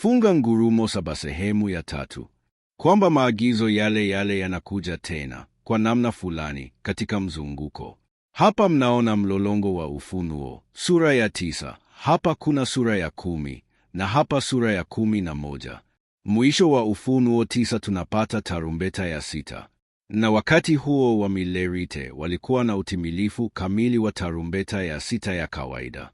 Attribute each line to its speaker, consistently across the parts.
Speaker 1: Funga ngurumo saba sehemu ya tatu, kwamba maagizo yale yale yanakuja tena kwa namna fulani katika mzunguko. Hapa mnaona mlolongo wa Ufunuo sura ya tisa, hapa kuna sura ya kumi na hapa sura ya kumi na moja. Mwisho wa Ufunuo tisa tunapata tarumbeta ya sita, na wakati huo Wamilerite walikuwa na utimilifu kamili wa tarumbeta ya sita ya kawaida.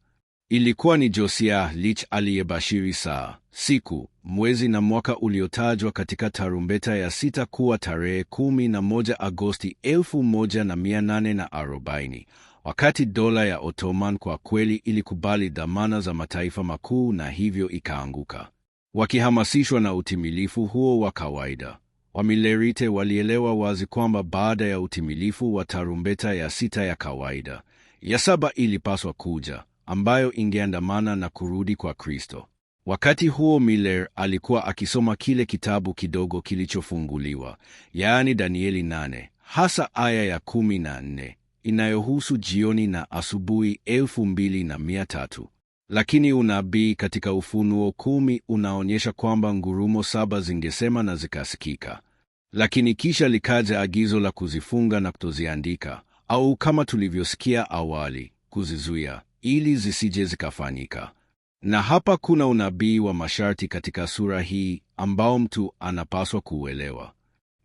Speaker 1: Ilikuwa ni Josia Lich aliyebashiri saa, siku, mwezi na mwaka uliotajwa katika tarumbeta ya sita kuwa tarehe 11 Agosti 1840 wakati dola ya Ottoman kwa kweli ilikubali dhamana za mataifa makuu na hivyo ikaanguka. Wakihamasishwa na utimilifu huo wa kawaida, Wamilerite walielewa wazi kwamba baada ya utimilifu wa tarumbeta ya sita ya kawaida, ya saba ilipaswa kuja ambayo ingeandamana na kurudi kwa Kristo. Wakati huo Miller alikuwa akisoma kile kitabu kidogo kilichofunguliwa, yaani Danieli 8, hasa aya ya 14 inayohusu jioni na asubuhi 2300. Lakini unabii katika Ufunuo kumi unaonyesha kwamba ngurumo saba zingesema na zikasikika, lakini kisha likaja agizo la kuzifunga na kutoziandika, au kama tulivyosikia awali, kuzizuia ili zisije zikafanyika. Na hapa kuna unabii wa masharti katika sura hii ambao mtu anapaswa kuuelewa.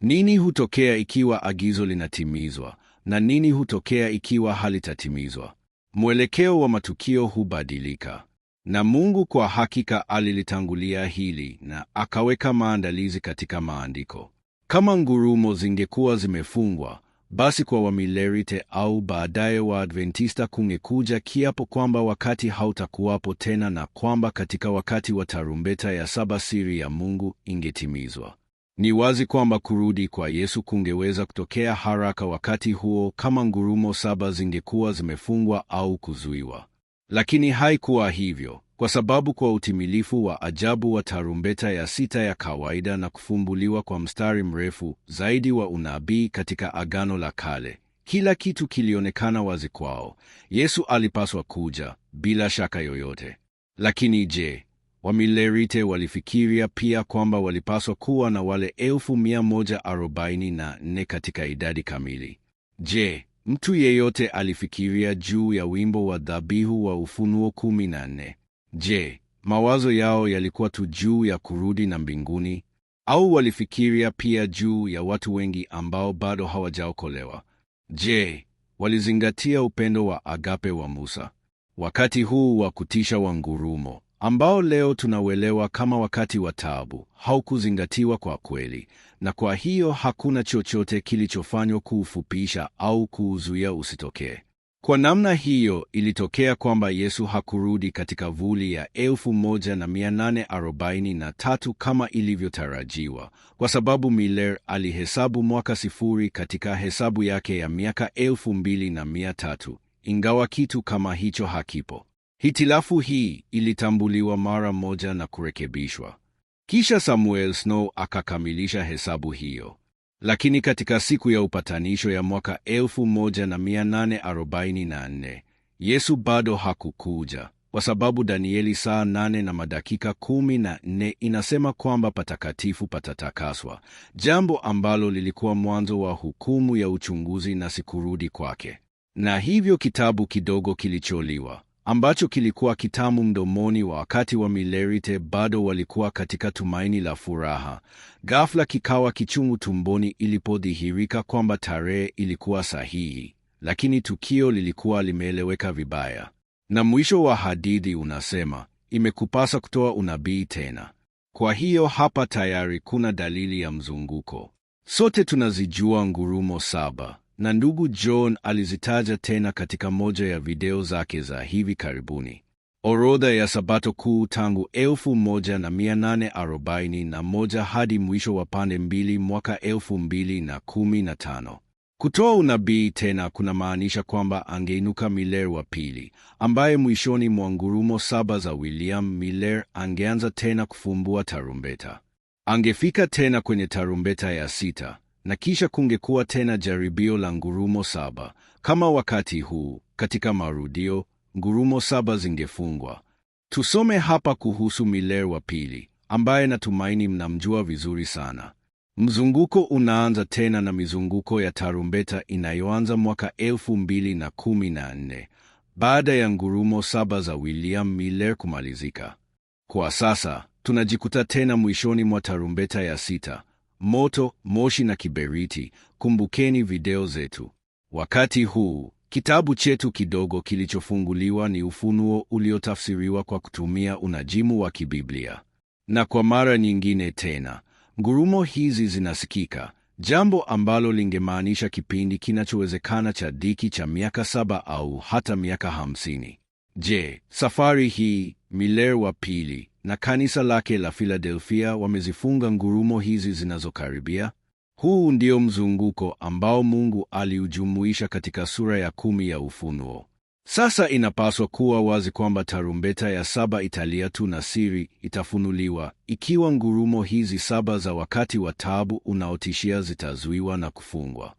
Speaker 1: Nini hutokea ikiwa agizo linatimizwa na nini hutokea ikiwa halitatimizwa? Mwelekeo wa matukio hubadilika, na Mungu kwa hakika alilitangulia hili na akaweka maandalizi katika maandiko. Kama ngurumo zingekuwa zimefungwa basi kwa Wamilerite au baadaye Waadventista kungekuja kiapo kwamba wakati hautakuwapo tena na kwamba katika wakati wa tarumbeta ya saba siri ya Mungu ingetimizwa. Ni wazi kwamba kurudi kwa Yesu kungeweza kutokea haraka wakati huo kama ngurumo saba zingekuwa zimefungwa au kuzuiwa, lakini haikuwa hivyo kwa sababu kwa utimilifu wa ajabu wa tarumbeta ya sita ya kawaida na kufumbuliwa kwa mstari mrefu zaidi wa unabii katika Agano la Kale, kila kitu kilionekana wazi kwao. Yesu alipaswa kuja bila shaka yoyote. Lakini je, Wamilerite walifikiria pia kwamba walipaswa kuwa na wale elfu mia moja arobaini na nne katika idadi kamili? Je, mtu yeyote alifikiria juu ya wimbo wa dhabihu wa Ufunuo kumi na nne Je, mawazo yao yalikuwa tu juu ya kurudi na mbinguni au walifikiria pia juu ya watu wengi ambao bado hawajaokolewa? Je, walizingatia upendo wa agape wa Musa wakati huu wa kutisha wa ngurumo ambao leo tunauelewa kama wakati wa taabu haukuzingatiwa kwa kweli, na kwa hiyo hakuna chochote kilichofanywa kuufupisha au kuuzuia usitokee. Kwa namna hiyo ilitokea kwamba Yesu hakurudi katika vuli ya 1843 kama ilivyotarajiwa, kwa sababu Miller alihesabu mwaka sifuri katika hesabu yake ya miaka 2300, ingawa kitu kama hicho hakipo. Hitilafu hii ilitambuliwa mara moja na kurekebishwa. Kisha Samuel Snow akakamilisha hesabu hiyo. Lakini katika siku ya upatanisho ya mwaka 1844 Yesu bado hakukuja, kwa sababu Danieli saa 8 na madakika 14 inasema kwamba patakatifu patatakaswa, jambo ambalo lilikuwa mwanzo wa hukumu ya uchunguzi na sikurudi kwake, na hivyo kitabu kidogo kilicholiwa ambacho kilikuwa kitamu mdomoni wa wakati wa Milerite bado walikuwa katika tumaini la furaha, ghafla kikawa kichungu tumboni ilipodhihirika kwamba tarehe ilikuwa sahihi, lakini tukio lilikuwa limeeleweka vibaya. Na mwisho wa hadithi unasema imekupasa kutoa unabii tena. Kwa hiyo hapa tayari kuna dalili ya mzunguko. Sote tunazijua ngurumo saba na ndugu John alizitaja tena katika moja ya video zake za hivi karibuni. Orodha ya Sabato Kuu tangu 1841 hadi mwisho wa pande mbili mwaka 2015. Kutoa unabii tena kunamaanisha kwamba angeinuka Miller wa pili, ambaye mwishoni mwa ngurumo saba za William Miller angeanza tena kufumbua tarumbeta. Angefika tena kwenye tarumbeta ya sita na kisha kungekuwa tena jaribio la ngurumo saba. Kama wakati huu katika marudio, ngurumo saba zingefungwa. Tusome hapa kuhusu Miller wa pili, ambaye natumaini mnamjua vizuri sana. Mzunguko unaanza tena na mizunguko ya tarumbeta inayoanza mwaka 214 baada ya ngurumo saba za William Miller kumalizika. Kwa sasa tunajikuta tena mwishoni mwa tarumbeta ya sita moto, moshi na kiberiti. Kumbukeni video zetu. Wakati huu kitabu chetu kidogo kilichofunguliwa ni Ufunuo uliotafsiriwa kwa kutumia unajimu wa kibiblia, na kwa mara nyingine tena ngurumo hizi zinasikika, jambo ambalo lingemaanisha kipindi kinachowezekana cha dhiki cha miaka saba au hata miaka hamsini. Je, safari hii Miller wa pili na kanisa lake la Filadelfia wamezifunga ngurumo hizi zinazokaribia. Huu ndio mzunguko ambao Mungu aliujumuisha katika sura ya kumi ya Ufunuo. Sasa inapaswa kuwa wazi kwamba tarumbeta ya saba italia tu na siri itafunuliwa, ikiwa ngurumo hizi saba za wakati wa taabu unaotishia zitazuiwa na kufungwa.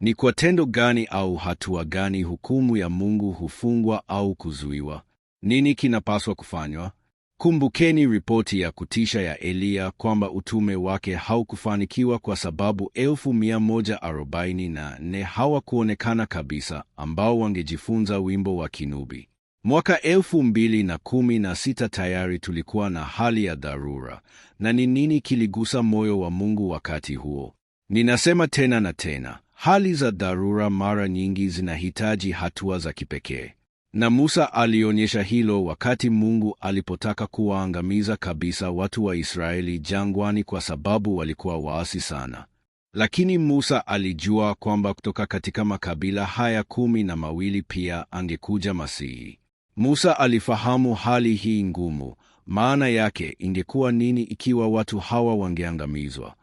Speaker 1: Ni kwa tendo gani au hatua gani hukumu ya Mungu hufungwa au kuzuiwa? Nini kinapaswa kufanywa? Kumbukeni ripoti ya kutisha ya Eliya kwamba utume wake haukufanikiwa kwa sababu elfu mia moja arobaini na nne hawakuonekana kabisa, ambao wangejifunza wimbo wa kinubi. Mwaka elfu mbili na kumi na sita tayari tulikuwa na hali ya dharura. Na ni nini kiligusa moyo wa Mungu wakati huo? Ninasema tena na tena, hali za dharura mara nyingi zinahitaji hatua za kipekee. Na Musa alionyesha hilo wakati Mungu alipotaka kuwaangamiza kabisa watu wa Israeli jangwani kwa sababu walikuwa waasi sana. Lakini Musa alijua kwamba kutoka katika makabila haya kumi na mawili pia angekuja Masihi. Musa alifahamu hali hii ngumu. Maana yake ingekuwa nini ikiwa watu hawa wangeangamizwa?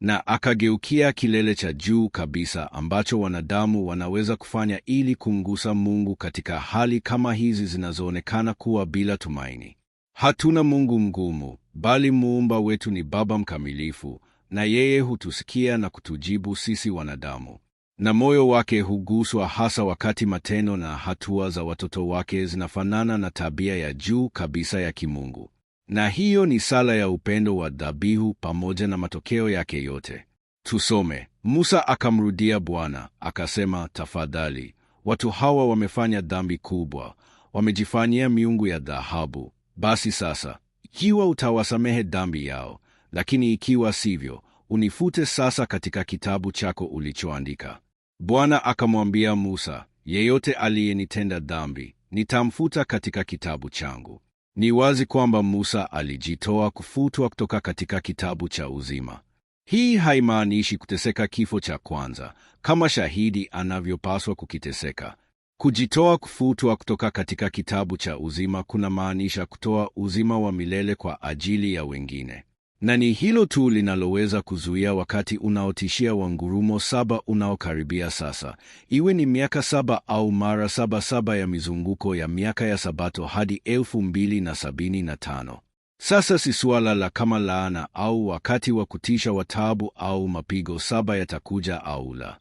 Speaker 1: na akageukia kilele cha juu kabisa ambacho wanadamu wanaweza kufanya ili kumgusa Mungu katika hali kama hizi zinazoonekana kuwa bila tumaini. Hatuna Mungu mgumu, bali muumba wetu ni Baba mkamilifu, na yeye hutusikia na kutujibu sisi wanadamu. Na moyo wake huguswa hasa wakati matendo na hatua za watoto wake zinafanana na tabia ya juu kabisa ya kimungu na hiyo ni sala ya upendo wa dhabihu pamoja na matokeo yake yote. Tusome. Musa akamrudia Bwana akasema, tafadhali, watu hawa wamefanya dhambi kubwa, wamejifanyia miungu ya dhahabu. Basi sasa, ikiwa utawasamehe dhambi yao, lakini ikiwa sivyo, unifute sasa katika kitabu chako ulichoandika. Bwana akamwambia Musa, yeyote aliyenitenda dhambi nitamfuta katika kitabu changu. Ni wazi kwamba Musa alijitoa kufutwa kutoka katika kitabu cha uzima. Hii haimaanishi kuteseka kifo cha kwanza kama shahidi anavyopaswa kukiteseka. Kujitoa kufutwa kutoka katika kitabu cha uzima kunamaanisha kutoa uzima wa milele kwa ajili ya wengine na ni hilo tu linaloweza kuzuia wakati unaotishia wa ngurumo saba unaokaribia sasa, iwe ni miaka saba au mara saba saba ya mizunguko ya miaka ya Sabato hadi elfu mbili na sabini na tano. Sasa si suala la kama laana au wakati wa kutisha wa taabu au mapigo saba yatakuja au la.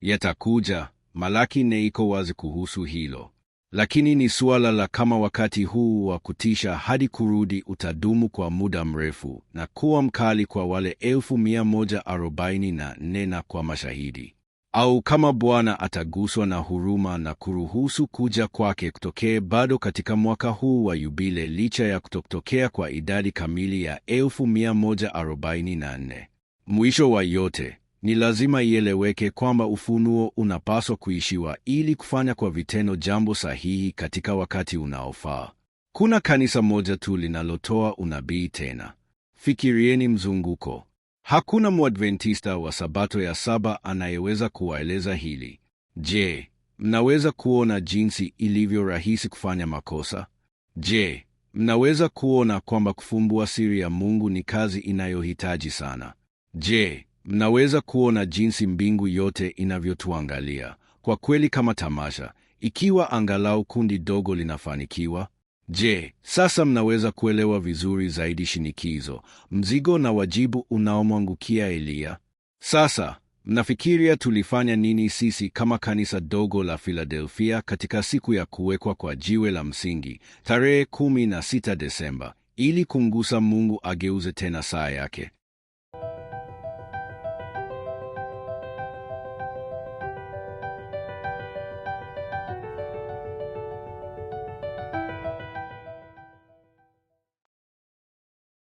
Speaker 1: Yatakuja. Malaki ne iko wazi kuhusu hilo lakini ni suala la kama wakati huu wa kutisha hadi kurudi utadumu kwa muda mrefu na kuwa mkali kwa wale 144 na kwa mashahidi, au kama Bwana ataguswa na huruma na kuruhusu kuja kwake kutokee bado katika mwaka huu wa Yubile, licha ya kutotokea kwa idadi kamili ya 144 Mwisho wa yote ni lazima ieleweke kwamba ufunuo unapaswa kuishiwa ili kufanya kwa vitendo jambo sahihi katika wakati unaofaa. Kuna kanisa moja tu linalotoa unabii tena. Fikirieni mzunguko. Hakuna Mwadventista wa Sabato ya saba anayeweza kuwaeleza hili. Je, mnaweza kuona jinsi ilivyo rahisi kufanya makosa? Je, mnaweza kuona kwamba kufumbua siri ya Mungu ni kazi inayohitaji sana? Je, Mnaweza kuona jinsi mbingu yote inavyotuangalia kwa kweli kama tamasha, ikiwa angalau kundi dogo linafanikiwa. Je, sasa mnaweza kuelewa vizuri zaidi shinikizo, mzigo na wajibu unaomwangukia Eliya? Sasa mnafikiria tulifanya nini sisi kama kanisa dogo la Filadelfia katika siku ya kuwekwa kwa jiwe la msingi tarehe 16 Desemba ili kumgusa Mungu ageuze tena saa yake?